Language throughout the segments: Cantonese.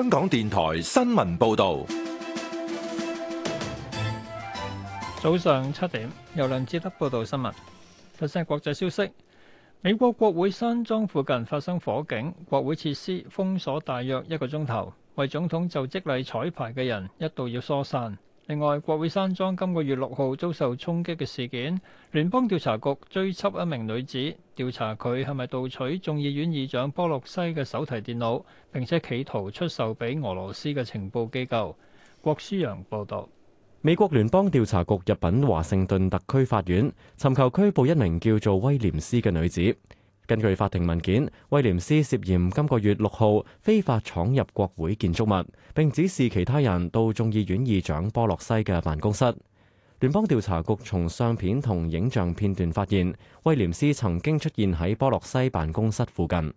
香港電台新聞報道，早上七點由梁志德報道新聞。首先係國際消息，美國國會山莊附近發生火警，國會設施封鎖大約一個鐘頭，為總統就職禮彩排嘅人一度要疏散。另外，國會山莊今個月六號遭受衝擊嘅事件，聯邦調查局追緝一名女子，調查佢係咪盜取眾議院議長波洛西嘅手提電腦，並且企圖出售俾俄羅斯嘅情報機構。郭舒揚報導，美國聯邦調查局入禀華盛頓特區法院，尋求拘捕一名叫做威廉斯嘅女子。根據法庭文件，威廉斯涉嫌今個月六號非法闖入國會建築物，並指示其他人到眾議院議長波洛西嘅辦公室。聯邦調查局從相片同影像片段發現，威廉斯曾經出現喺波洛西辦公室附近。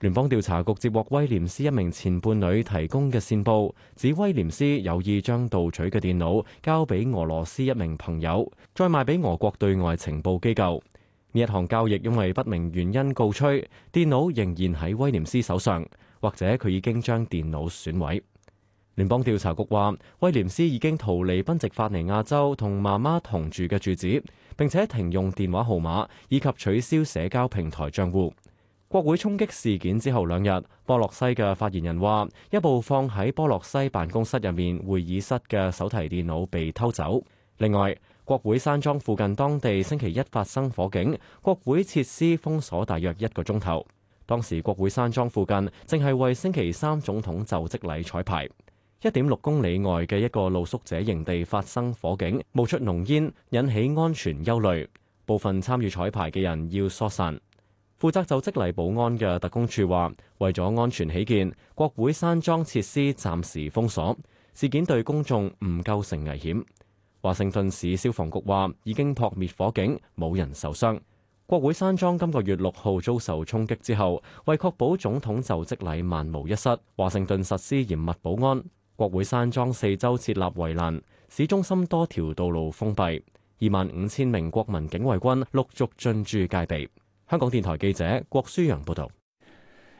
聯邦調查局接獲威廉斯一名前伴侶提供嘅線報，指威廉斯有意將盜取嘅電腦交俾俄羅斯一名朋友，再賣俾俄國對外情報機構。一項交易因為不明原因告吹，電腦仍然喺威廉斯手上，或者佢已經將電腦損毀。聯邦調查局話，威廉斯已經逃離賓夕法尼亞州同媽媽同住嘅住址，並且停用電話號碼以及取消社交平台賬戶。國會衝擊事件之後兩日，波洛西嘅發言人話，一部放喺波洛西辦公室入面會議室嘅手提電腦被偷走。另外，國會山莊附近當地星期一發生火警，國會設施封鎖大約一個鐘頭。當時國會山莊附近正係為星期三總統就職禮彩排，一點六公里外嘅一個露宿者營地發生火警，冒出濃煙，引起安全憂慮，部分參與彩排嘅人要疏散。負責就職禮保安嘅特工處話，為咗安全起見，國會山莊設施暫時封鎖，事件對公眾唔構成危險。華盛頓市消防局話已經撲滅火警，冇人受傷。國會山莊今個月六號遭受衝擊之後，為確保總統就職禮萬無一失，華盛頓實施嚴密保安。國會山莊四周設立圍欄，市中心多條道路封閉。二萬五千名國民警衛軍陸續進駐戒備。香港電台記者郭舒陽報道。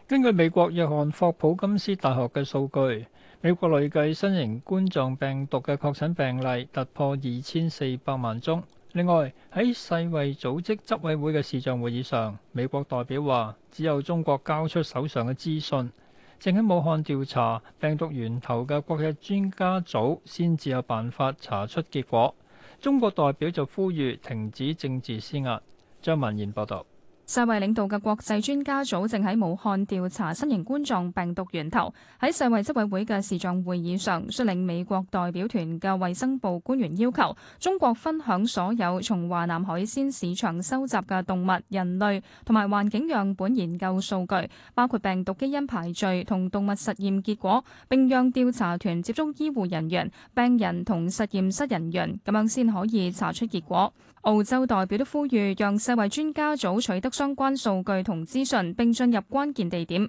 根據美國約翰霍普普金斯大學嘅數據，美國累計新型冠狀病毒嘅確診病例突破二千四百萬宗。另外喺世衛組織執委會嘅視像會議上，美國代表話：只有中國交出手上嘅資訊，正喺武漢調查病毒源頭嘅國際專家組先至有辦法查出結果。中國代表就呼籲停止政治施壓。張文賢報道。世衛領導嘅國際專家組正喺武漢調查新型冠狀病毒源頭。喺世衛執委會嘅視像會議上，率領美國代表團嘅衛生部官員要求中國分享所有從華南海鮮市場收集嘅動物、人類同埋環境樣本研究數據，包括病毒基因排序同動物實驗結果，並讓調查團接觸醫護人員、病人同實驗室人員，咁樣先可以查出結果。澳洲代表都呼籲，讓世衛專家組取得相關數據同資訊，並進入關鍵地點。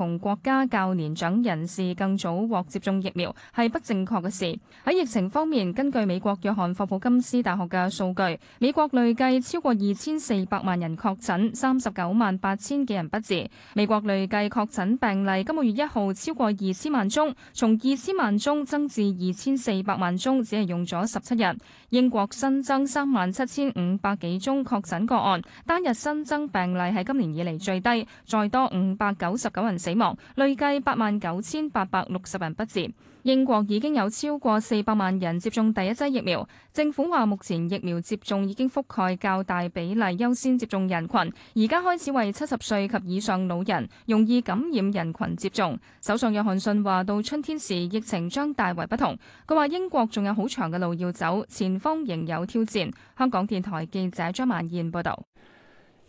同國家較年長人士更早獲接種疫苗係不正確嘅事。喺疫情方面，根據美國約翰霍普金斯大學嘅數據，美國累計超過二千四百萬人確診，三十九萬八千幾人不治。美國累計確診病例今個月一號超過二千萬宗，從二千萬宗增至二千四百萬宗，只係用咗十七日。英國新增三萬七千五百幾宗確診個案，單日新增病例係今年以嚟最低，再多五百九十九人死。死亡累計八萬九千八百六十人不治。英國已經有超過四百萬人接種第一劑疫苗。政府話目前疫苗接種已經覆蓋較大比例優先接種人群，而家開始為七十歲及以上老人、容易感染人群接種。首相約翰遜話：到春天時疫情將大為不同。佢話英國仲有好長嘅路要走，前方仍有挑戰。香港電台記者張曼燕報道。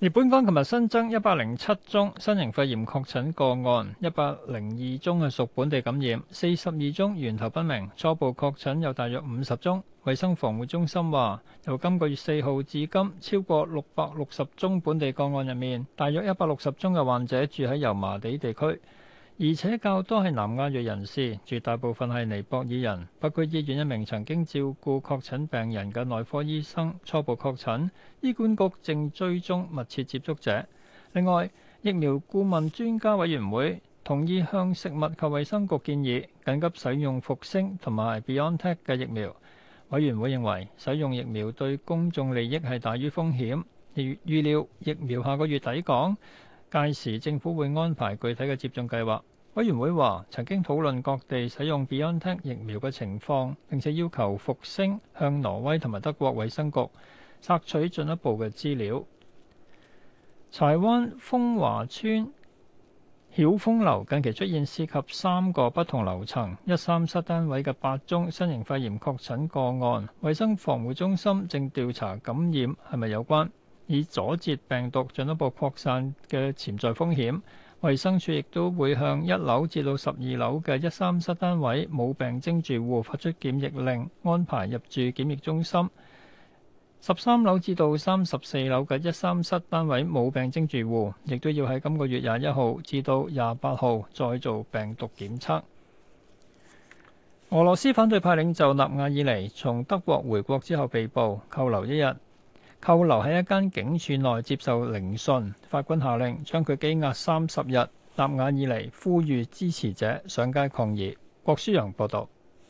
而本港琴日新增一百零七宗新型肺炎確診個案，一百零二宗係屬本地感染，四十二宗源頭不明，初步確診有大約五十宗。衛生防護中心話，由今個月四號至今，超過六百六十宗本地個案入面，大約一百六十宗嘅患者住喺油麻地地區。而且較多係南亞裔人士，絕大部分係尼泊爾人。北區醫院一名曾經照顧確診病人嘅內科醫生初步確診，醫管局正追蹤密切接觸者。另外，疫苗顧問專家委員會同意向食物及衞生局建議緊急使用復星同埋 Biontech 嘅疫苗。委員會認為使用疫苗對公眾利益係大於風險，而預料疫苗下個月抵港。屆時政府會安排具體嘅接種計劃。委員會話曾經討論各地使用 BioNTech 疫苗嘅情況，並且要求復星向挪威同埋德國衛生局索取進一步嘅資料。柴灣峰華邨曉峰樓近期出現涉及三個不同樓層、一三室單位嘅八宗新型肺炎確診個案，衛生防護中心正調查感染係咪有關。以阻截病毒進一步擴散嘅潛在風險，衛生署亦都會向一樓至到十二樓嘅一三室單位冇病徵住戶發出檢疫令，安排入住檢疫中心。十三樓至到三十四樓嘅一三室單位冇病徵住戶，亦都要喺今個月廿一號至到廿八號再做病毒檢測。俄羅斯反對派領袖納瓦爾尼從德國回國之後被捕，扣留一日。扣留喺一間警署內接受聆訊，法官下令將佢羈押三十日。納瓦爾尼呼籲支持者上街抗議。郭書洋報導。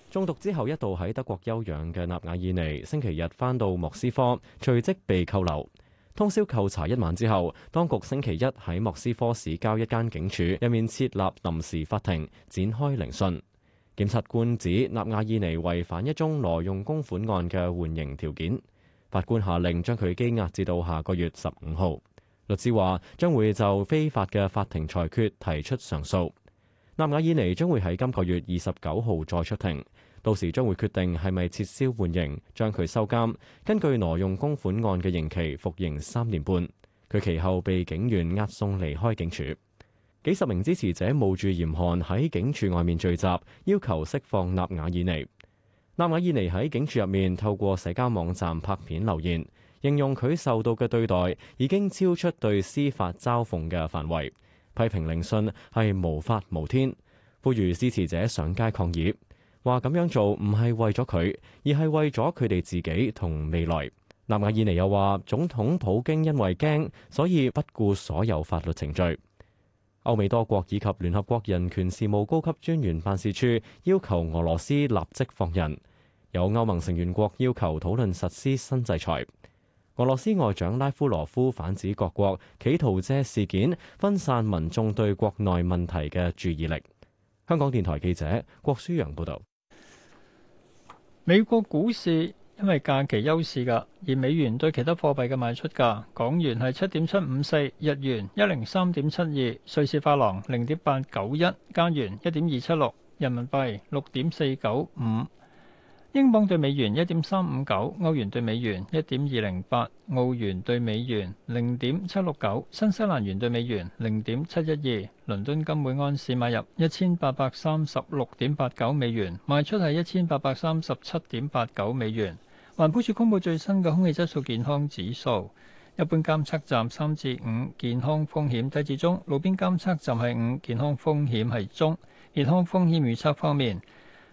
中毒之後一度喺德國休養嘅納瓦爾尼，星期日翻到莫斯科，隨即被扣留。通宵扣查一晚之後，當局星期一喺莫斯科市郊一間警署入面設立臨時法庭，展開聆訊。檢察官指納瓦爾尼違反一宗挪用公款案嘅緩刑條件。法官下令將佢羈押至到下個月十五號。律師話將會就非法嘅法庭裁決提出上訴。納瓦爾尼將會喺今個月二十九號再出庭，到時將會決定係咪撤銷緩刑，將佢收監。根據挪用公款案嘅刑期，服刑三年半。佢其後被警員押送離開警署。幾十名支持者冒住嚴寒喺警署外面聚集，要求釋放納瓦爾尼。納瓦爾尼喺警署入面透過社交網站拍片留言，形容佢受到嘅對待已經超出對司法嘲諷嘅範圍，批評聆訊係無法無天，呼籲支持者上街抗議，話咁樣做唔係為咗佢，而係為咗佢哋自己同未來。納瓦爾尼又話，總統普京因為驚，所以不顧所有法律程序。歐美多國以及聯合國人權事務高級專員辦事處要求俄羅斯立即放人。有歐盟成員國要求討論實施新制裁。俄羅斯外長拉夫羅夫反指，各國企圖借事件分散民眾對國內問題嘅注意力。香港電台記者郭舒揚報導。美國股市因為假期休市㗎，而美元對其他貨幣嘅賣出價：港元係七點七五四，日元一零三點七二，瑞士法郎零點八九一，加元一點二七六，人民幣六點四九五。英鎊兌美元一點三五九，歐元兌美元一點二零八，澳元兌美元零點七六九，新西蘭元兌美元零點七一二。倫敦金每安士買入一千八百三十六點八九美元，賣出係一千八百三十七點八九美元。環保署公布最新嘅空氣質素健康指數，一般監測站三至五健康風險低至中，路邊監測站係五健康風險係中，健康風險預測方面，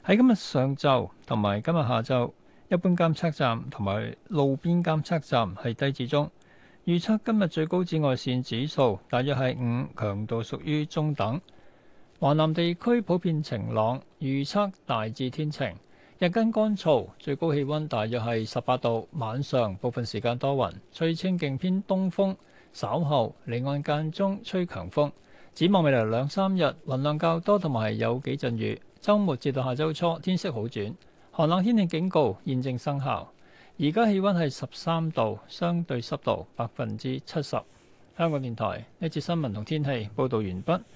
喺今日上晝同埋今日下晝，一般監測站同埋路邊監測站係低至中。預測今日最高紫外線指數大約係五，強度屬於中等。華南地區普遍晴朗，預測大致天晴，日間乾燥，最高氣温大約係十八度。晚上部分時間多雲，吹清勁偏東風，稍後離岸間中吹強風。展望未來兩三日，雲量較多同埋有幾陣雨。周末至到下周初天色好轉，寒冷天氣警告現正生效。而家氣溫係十三度，相對濕度百分之七十。香港電台呢節新聞同天氣報道完畢。